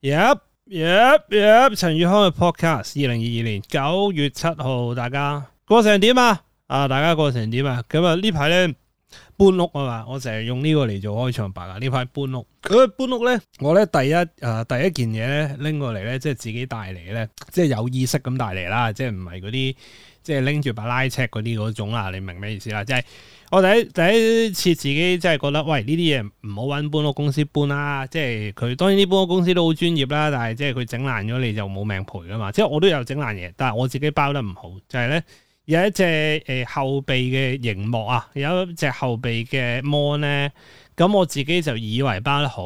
Yep, yep, yep。陳宇康嘅 podcast，二零二二年九月七號，大家過成點啊？啊，大家過成點啊？咁啊呢排咧搬屋啊嘛，我成日用呢個嚟做開場白啊。呢排搬屋，佢、呃、搬屋咧，我咧第一啊、呃、第一件嘢咧拎過嚟咧，即係自己帶嚟咧，即係有意識咁帶嚟啦，即係唔係嗰啲即係拎住把拉尺嗰啲嗰種啦，你明咩意思啦？即係。我第一第一次自己真係覺得，喂呢啲嘢唔好揾搬屋公司搬啦，即係佢當然啲搬屋公司都好專業啦，但係即係佢整爛咗你就冇命賠噶嘛。即係我都有整爛嘢，但係我自己包得唔好，就係、是、咧有一隻誒、呃、後備嘅熒幕啊，有一隻後備嘅芒咧，咁、啊、我自己就以為包得好，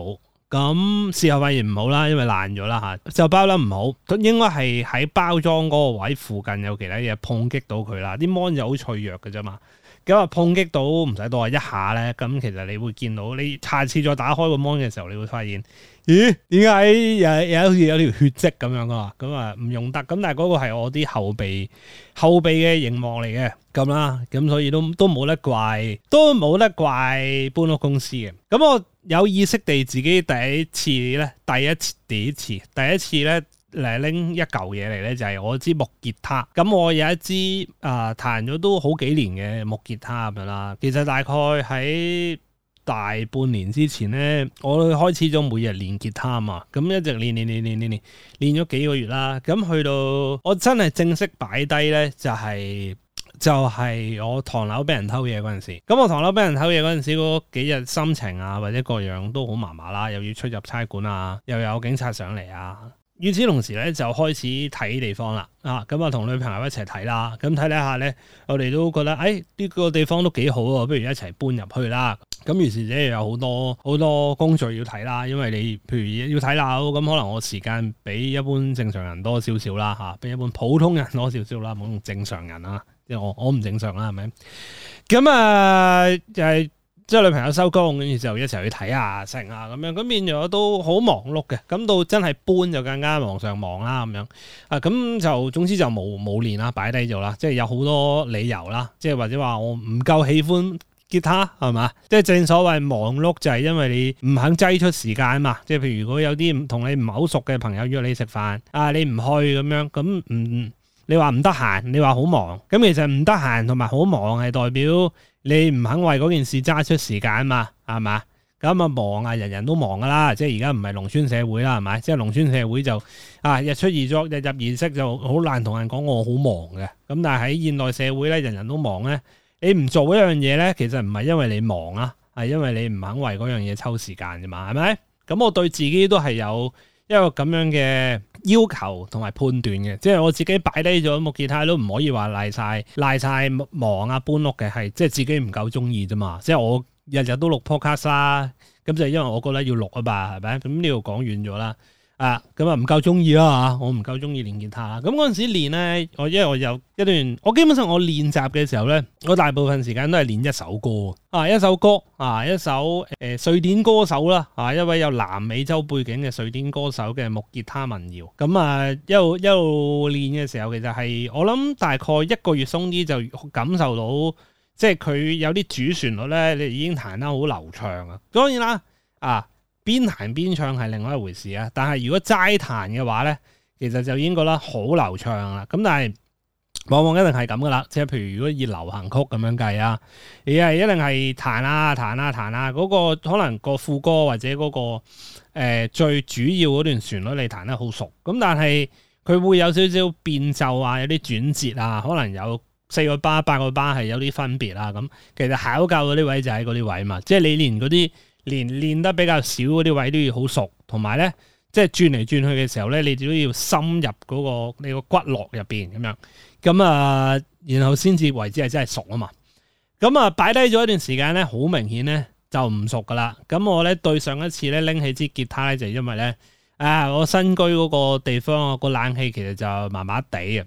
咁事後發現唔好啦，因為爛咗啦嚇，就包得唔好，應該係喺包裝嗰個位附近有其他嘢碰擊到佢啦，啲芒就好脆弱嘅啫嘛。咁啊！碰擊到唔使多啊，一下咧咁，其實你會見到你下次再打開個 mon 嘅時候，你會發現咦？點解又又有有，有條血跡咁樣㗎？咁啊唔用得咁，但係嗰個係我啲後備後備嘅熒幕嚟嘅咁啦，咁所以都都冇得怪，都冇得怪搬屋公司嘅。咁我有意識地自己第一次咧，第一次第一次第一次咧。嚟拎一嚿嘢嚟咧，就係我支木吉他。咁我有一支啊彈咗都好幾年嘅木吉他咁樣啦。其實大概喺大半年之前咧，我開始咗每日練吉他啊嘛。咁一直練練練練練練，練咗幾個月啦。咁去到我真係正式擺低咧，就係就係我唐樓俾人偷嘢嗰陣時。咁我唐樓俾人偷嘢嗰陣時，嗰幾日心情啊或者個樣都好麻麻啦，又要出入差館啊，又有警察上嚟啊。與此同時咧，就開始睇地方啦，啊，咁啊同女朋友一齊睇啦，咁睇睇下咧，我哋都覺得，誒、哎、呢、這個地方都幾好啊，不如一齊搬入去啦。咁、嗯、於是咧，有好多好多工序要睇啦，因為你譬如要睇樓，咁、嗯嗯、可能我時間比一般正常人多少少啦，吓、啊、比一般普通人多少少啦，冇、嗯、同正常人啊，即係我我唔正常啦，係咪？咁、嗯、啊就係、是。即係女朋友收工，跟住就一齊去睇下食啊咁樣，咁變咗都好忙碌嘅。咁到真係搬就更加忙上忙啦咁樣。啊，咁、嗯、就總之就冇冇練啦，擺低咗啦。即係有好多理由啦，即係或者話我唔夠喜歡吉他係嘛。即係正所謂忙碌就係因爲你唔肯擠出時間嘛。即係譬如有啲唔同你唔係好熟嘅朋友約你食飯啊，你唔去咁樣咁唔、嗯，你話唔得閒，你話好忙。咁其實唔得閒同埋好忙係代表。你唔肯為嗰件事揸出時間嘛，係嘛？咁啊忙啊，人人都忙噶啦，即係而家唔係農村社會啦，係咪？即係農村社會就，啊日出而作日入而息就好難同人講我好忙嘅，咁但係喺現代社會咧，人人都忙咧，你唔做一樣嘢咧，其實唔係因為你忙啊，係因為你唔肯為嗰樣嘢抽時間啫嘛，係咪？咁我對自己都係有一個咁樣嘅要求同埋判斷嘅，即係我自己擺低咗木吉他都唔可以話賴晒賴晒忙啊、搬屋嘅，係即係自己唔夠中意啫嘛，即係我日日都錄 podcast 啦，咁就因為我覺得要錄啊嘛，係咪？咁呢度講遠咗啦。啊，咁啊唔夠中意啦嚇，我唔夠中意練吉他。咁嗰陣時練呢，我因為我有一段，我基本上我練習嘅時候呢，我大部分時間都係練一首歌啊，一首歌啊，一首誒、呃、瑞典歌手啦，啊一位有南美洲背景嘅瑞典歌手嘅木吉他民謠。咁啊一路一路練嘅時候，其實係、就是、我諗大概一個月鬆啲就感受到，即係佢有啲主旋律呢，你已經彈得好流暢啊。當然啦，啊。邊彈邊唱係另外一回事啊！但係如果齋彈嘅話咧，其實就已經覺得好流暢啦。咁但係往往一定係咁噶啦，即係譬如如果以流行曲咁樣計啊，你係一定係彈啊彈啊彈啊，嗰、啊啊啊嗰個可能個副歌或者嗰、嗰個、呃、最主要嗰段旋律你彈得好熟。咁但係佢會有少少變奏啊，有啲轉折啊，可能有四個巴、八個巴係有啲分別啊。咁其實考究嗰啲位就喺嗰啲位嘛，即係你連嗰啲。連練得比較少嗰啲位都要好熟，同埋咧，即係轉嚟轉去嘅時候咧，你都要深入嗰、嗰個你個骨骼入邊咁樣，咁啊，然後先至為之係真係熟啊嘛。咁啊，擺低咗一段時間咧，好明顯咧就唔熟噶啦。咁我咧對上一次咧拎起支吉他咧，就係、因為咧啊，我新居嗰個地方、嗰個冷氣其實就麻麻地啊。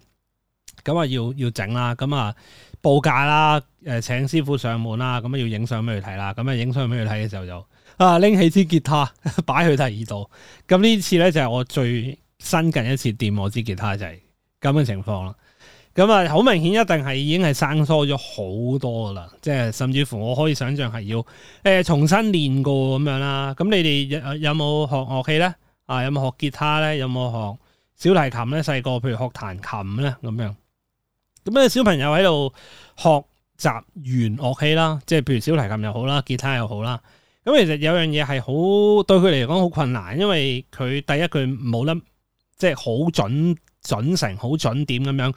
咁啊，要要整啦，咁啊報價啦，誒請師傅上門啦，咁啊要影相俾佢睇啦，咁啊影相俾佢睇嘅時候就啊拎起支吉他擺去第二度，咁呢次咧就係我最新近一次掂我支吉他就係咁嘅情況咯，咁啊好明顯一定係已經係生疏咗好多噶啦，即係甚至乎我可以想象係要誒重新練過咁樣啦，咁你哋有冇學，學樂器咧？啊有冇學吉他咧？有冇學，學小提琴咧？細個譬如學彈琴咧咁樣？咁咧、嗯、小朋友喺度學習弦樂器啦，即係譬如小提琴又好啦，吉他又好啦。咁其實有樣嘢係好，對佢嚟講好困難，因為佢第一句冇得，即係好準準成好準點咁樣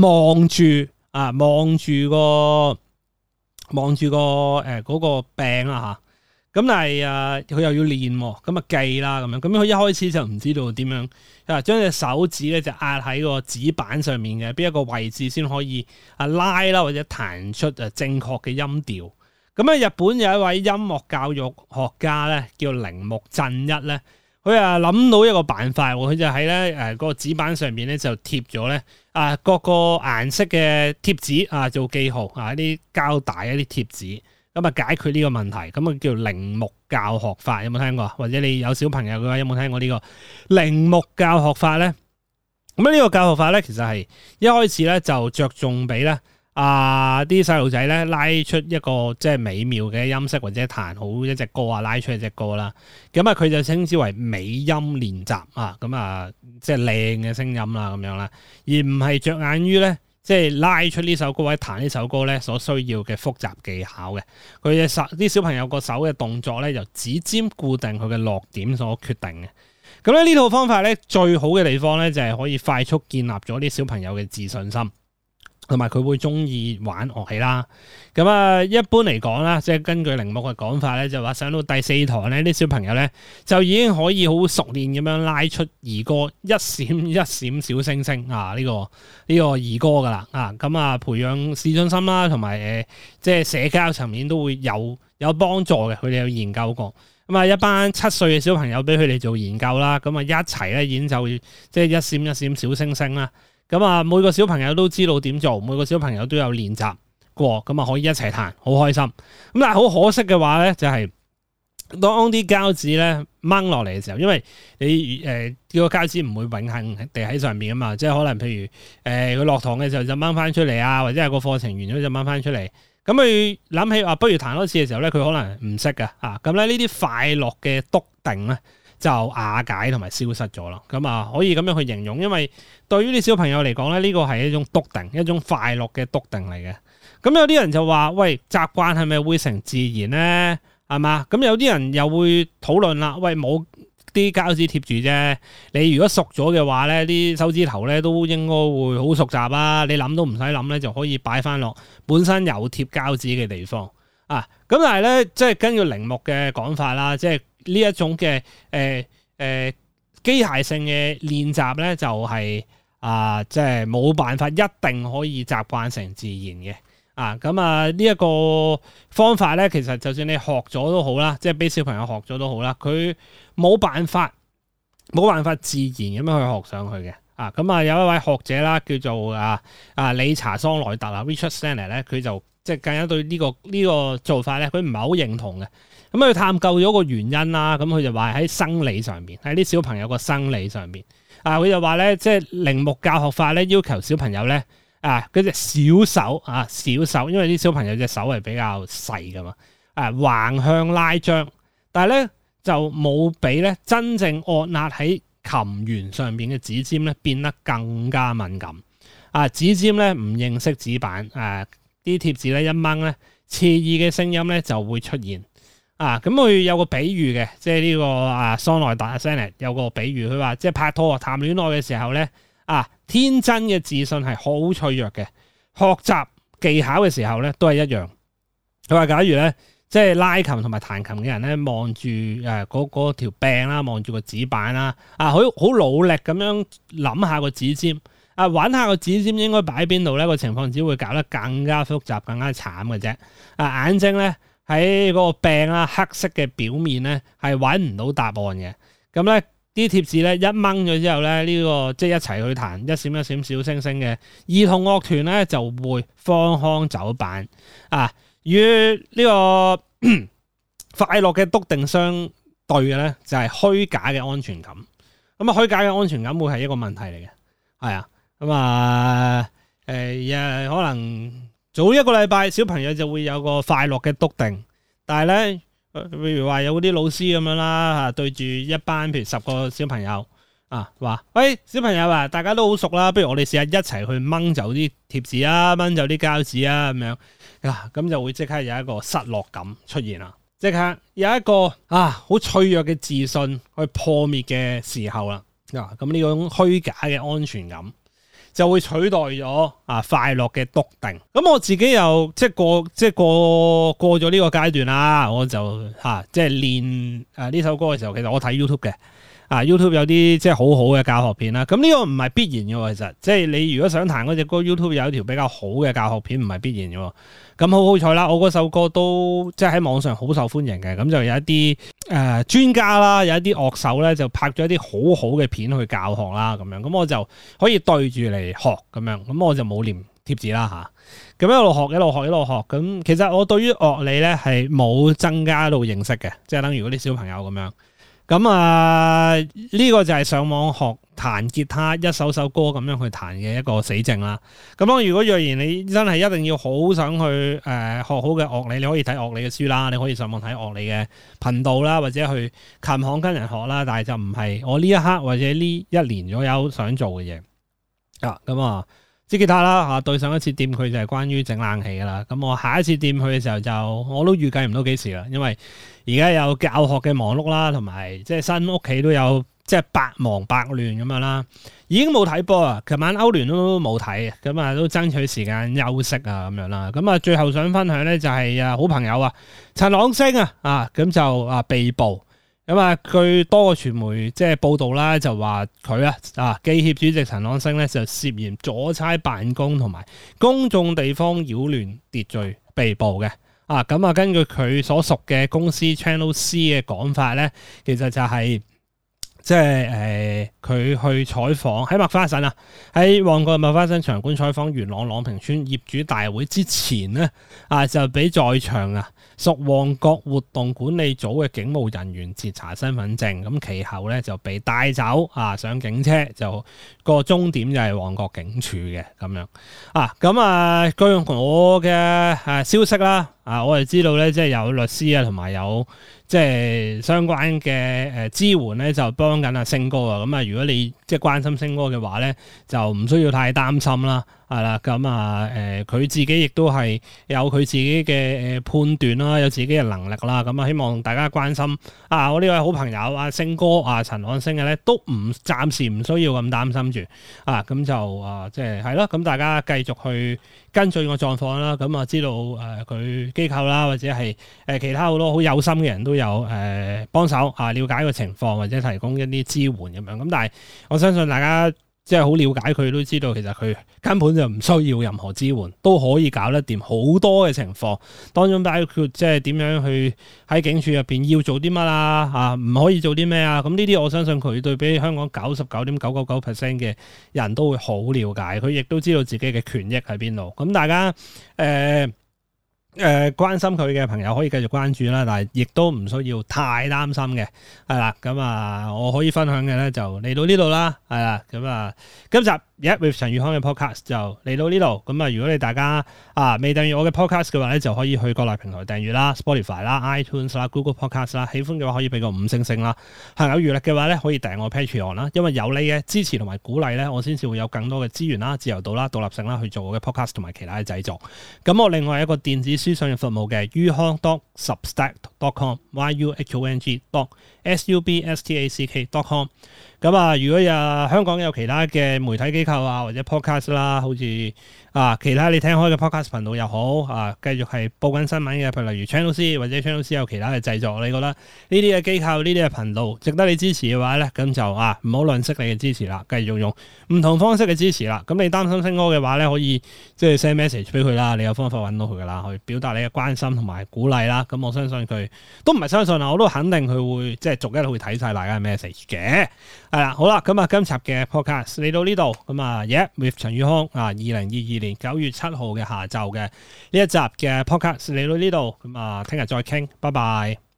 望住啊望住個望住個誒嗰、欸那個病啊吓。咁但係啊，佢又要練，咁啊計啦，咁樣，咁佢一開始就唔知道點樣啊，將隻手指咧就壓喺個指板上面嘅，邊一個位置先可以啊拉啦，或者彈出誒正確嘅音調。咁啊，日本有一位音樂教育學家咧，叫鈴木鎮一咧，佢啊諗到一個辦法，佢就喺咧誒個指板上面咧就貼咗咧啊各個顏色嘅貼紙啊做記號啊，一啲膠帶一啲貼紙。咁啊，解決呢個問題，咁啊叫鈴木教學法，有冇聽過？或者你有小朋友嘅話，有冇聽過呢個鈴木教學法咧？咁啊，呢個教學法咧，其實係一開始咧就着重俾咧啊啲細路仔咧拉出一個即係美妙嘅音色，或者彈好一隻歌啊，拉出一隻歌啦。咁啊，佢就稱之為美音練習啊。咁啊，即係靚嘅聲音啦，咁樣啦，而唔係着眼於咧。即係拉出呢首歌或者彈呢首歌咧，所需要嘅複雜技巧嘅，佢嘅手啲小朋友個手嘅動作呢，由指尖固定佢嘅落點所決定嘅。咁咧呢套方法呢，最好嘅地方呢，就係可以快速建立咗啲小朋友嘅自信心。同埋佢會中意玩樂器啦。咁啊，一般嚟講啦，即係根據鈴木嘅講法咧，就話上到第四堂咧，啲小朋友咧就已經可以好熟練咁樣拉出兒歌《一閃一閃小星星》啊，呢個呢個兒歌噶啦。啊，咁啊，培養自信心啦，同埋誒，即係社交層面都會有有幫助嘅。佢哋有研究過，咁啊，一班七歲嘅小朋友俾佢哋做研究啦，咁啊就一齊咧演奏即係《一閃一閃小星星》啦。咁啊，每個小朋友都知道點做，每個小朋友都有練習過，咁啊，可以一齊彈，好開心。咁但係好可惜嘅話咧，就係、是、當啲膠紙咧掹落嚟嘅時候，因為你誒叫、呃這個膠紙唔會永恆地喺上面啊嘛，即係可能譬如誒佢落堂嘅時候就掹翻出嚟啊，或者係個課程完咗就掹翻出嚟。咁佢諗起話、啊、不如彈多次嘅時候咧，佢可能唔識嘅啊。咁咧呢啲快樂嘅篤定咧～就瓦解同埋消失咗咯。咁、嗯、啊可以咁樣去形容，因為對於啲小朋友嚟講咧，呢個係一種篤定，一種快樂嘅篤定嚟嘅。咁、嗯、有啲人就話：，喂，習慣係咪會成自然呢？係嘛？咁、嗯、有啲人又會討論啦：，喂，冇啲膠紙貼住啫，你如果熟咗嘅話呢，啲手指頭呢都應該會好熟習啊！你諗都唔使諗呢，就可以擺翻落本身有貼膠紙嘅地方啊！咁、嗯、但係呢，即係根據鈴木嘅講法啦，即係。呢一種嘅誒誒機械性嘅練習咧，就係啊，即係冇辦法一定可以習慣成自然嘅啊！咁啊，呢一個方法咧，其實就算你學咗都好啦，即係俾小朋友學咗都好啦，佢冇辦法冇辦法自然咁樣去學上去嘅啊！咁啊，有一位學者啦，叫做啊啊理查桑奈特啊 Richard Sennett 咧，佢就。即係更加對呢、這個呢、這個做法咧，佢唔係好認同嘅。咁、嗯、佢探究咗個原因啦，咁、嗯、佢就話喺生理上邊，喺啲小朋友個生理上邊啊，佢就話咧，即係鈴木教學法咧，要求小朋友咧啊嗰隻小手啊小手，因為啲小朋友隻手係比較細噶嘛啊，橫向拉張，但係咧就冇俾咧真正壓壓喺琴弦上邊嘅指尖咧變得更加敏感啊，指尖咧唔認識指板誒。啊啲貼紙咧一掹咧，刺耳嘅聲音咧就會出現。啊，咁佢有個比喻嘅，即係呢、這個啊桑奈達聲、啊、有個比喻，佢話即係拍拖談戀愛嘅時候咧，啊天真嘅自信係好脆弱嘅。學習技巧嘅時候咧，都係一樣。佢話假如咧，即係拉琴同埋彈琴嘅人咧，望住誒嗰嗰條柄啦，望住個指板啦，啊好好努力咁樣諗下個指尖。啊！玩下個紙應唔應該擺邊度咧？個情況只會搞得更加複雜，更加慘嘅啫。啊！眼睛咧喺嗰個病啦，黑色嘅表面咧係搵唔到答案嘅。咁咧啲貼士咧一掹咗之後咧呢、這個即係一齊去彈一閃，一閃一閃小星星嘅兒童樂團咧就會荒腔走板啊！與呢、這個快樂嘅篤定相對嘅咧就係、是、虛假嘅安全感。咁啊，虛假嘅安全感會係一個問題嚟嘅，係啊。咁、嗯、啊，誒、呃，可能早一個禮拜，小朋友就會有個快樂嘅篤定。但係咧，譬如話有啲老師咁樣啦，吓、啊、對住一班，譬如十個小朋友啊，話：，喂，小朋友啊，大家都好熟啦，不如我哋試下一齊去掹走啲貼紙啊，掹走啲膠紙啊，咁樣啊，咁就會即刻有一個失落感出現啦，即刻有一個啊，好脆弱嘅自信去破滅嘅時候啦。嗱、啊，咁呢種虛假嘅安全感，就會取代咗啊，快樂嘅篤定，咁我自己又即係過即係過過咗呢個階段啦，我就嚇、啊、即係練誒呢首歌嘅時候，其實我睇 YouTube 嘅。啊 YouTube 有啲即係好好嘅教學片啦，咁呢個唔係必然嘅，其實即係你如果想彈嗰隻歌，YouTube 有一條比較好嘅教學片，唔係必然嘅。咁好好彩啦，我嗰首歌都即係喺網上好受歡迎嘅，咁就有一啲誒、呃、專家啦，有一啲樂手咧就拍咗一啲好好嘅片去教學啦，咁樣咁我就可以對住嚟學咁樣，咁我就冇念貼紙啦吓，咁一路學，一路學，一路學。咁其實我對於樂理咧係冇增加到認識嘅，即係等如嗰啲小朋友咁樣。咁啊，呢、這個就係上網學彈吉他一首首歌咁樣去彈嘅一個死症啦。咁啊，如果若然你真係一定要好想去誒、呃、學好嘅樂理，你可以睇樂理嘅書啦，你可以上網睇樂理嘅頻道啦，或者去琴行跟人學啦。但係就唔係我呢一刻或者呢一年左右想做嘅嘢啊。咁啊～支吉他啦，嚇、啊！對上一次掂佢就係關於整冷氣噶啦，咁我下一次掂佢嘅時候就我都預計唔到幾時啦，因為而家有教學嘅忙碌啦，同埋即係新屋企都有即係百忙百亂咁樣啦，已經冇睇波啊！琴晚歐聯都冇睇，咁啊都爭取時間休息啊咁樣啦、啊，咁啊最後想分享咧就係啊好朋友啊陳朗星啊啊咁就啊被捕。咁啊，據多個傳媒即係報道啦，就話佢啊啊，記協主席陳朗昇咧就涉嫌阻差辦公同埋公眾地方擾亂秩序被捕嘅。啊，咁、嗯、啊，根據佢所屬嘅公司 Channel C 嘅講法咧，其實就係、是。即係誒，佢、呃、去採訪喺麥花臣啊，喺旺角麥花臣場館採訪元朗朗屏村業主大會之前呢，啊就俾在場啊屬旺角活動管理組嘅警務人員截查身份證，咁其後呢，就被帶走啊上警車，就、嗰個終點就係旺角警署嘅咁樣啊。咁啊據我嘅誒、啊、消息啦。啊！我哋知道咧，即係有律師啊，同埋有，有即係相關嘅誒、呃、支援咧，就幫緊阿升哥啊。咁、嗯、啊，如果你～即關心星哥嘅話咧，就唔需要太擔心啦，係啦，咁啊，誒、呃，佢自己亦都係有佢自己嘅判斷啦，有自己嘅能力啦，咁啊，希望大家關心啊，我呢位好朋友啊，星哥啊，陳漢星嘅咧，都唔暫時唔需要咁擔心住啊，咁、啊、就啊，即係係咯，咁、啊、大家繼續去跟進個狀況啦，咁啊，知道誒佢機構啦，或者係誒其他好多好有心嘅人都有誒幫手啊，手了解個情況或者提供一啲支援咁樣。咁、啊、但係。我。我相信大家即係好了解佢，都知道其實佢根本就唔需要任何支援，都可以搞得掂。好多嘅情況當中，包括即係點樣去喺警署入邊要做啲乜啦吓，啊，唔可以做啲咩啊？咁呢啲，我相信佢對比香港九十九點九九九 percent 嘅人都會好了解，佢亦都知道自己嘅權益喺邊度。咁、嗯、大家誒。呃誒、呃、關心佢嘅朋友可以繼續關注啦，但係亦都唔需要太擔心嘅，係啦。咁啊，我可以分享嘅咧就嚟到呢度啦，係啦。咁、嗯、啊，今集。而家 with 陳宇康嘅 podcast 就嚟到呢度，咁啊如果你大家啊未訂閱我嘅 podcast 嘅話咧，就可以去各大平台訂閱啦，Spotify 啦、iTunes 啦、Google Podcast 啦、like，喜歡嘅話可以俾個五星星啦。係有餘力嘅話咧，可以訂我 Patreon 啦，因為有你嘅支持同埋鼓勵咧，我先至會有更多嘅資源啦、自由度啦、獨立性啦去做我嘅 podcast 同埋其他嘅製作。咁我另外一個電子書上嘅服務嘅、uh、u 康 dot.substack.com，y u h n g dot.s u b s t a c k.com。咁啊，如果啊香港有其他嘅媒體機構啊，或者 podcast 啦，好似。啊！其他你聽開嘅 podcast 頻道又好，啊，繼續係報緊新聞嘅，譬如例如 Channel C 或者 Channel C 有其他嘅製作，你覺得呢啲嘅機構、呢啲嘅頻道值得你支持嘅話咧，咁就啊唔好吝嗇你嘅支持啦，繼續用唔同方式嘅支持啦。咁你擔心聲哥嘅話咧，可以即係 send message 俾佢啦，你有方法揾到佢噶啦，去表達你嘅關心同埋鼓勵啦。咁我相信佢都唔係相信啊，我都肯定佢會即係逐一會睇晒大家嘅 message 嘅。係、啊、啦，好啦，咁啊今集嘅 podcast 嚟到呢度，咁啊 yep with 陳宇康啊，二零二二年九月七號嘅下晝嘅呢一集嘅 podcast 就嚟到呢度，咁啊聽日再傾，拜拜。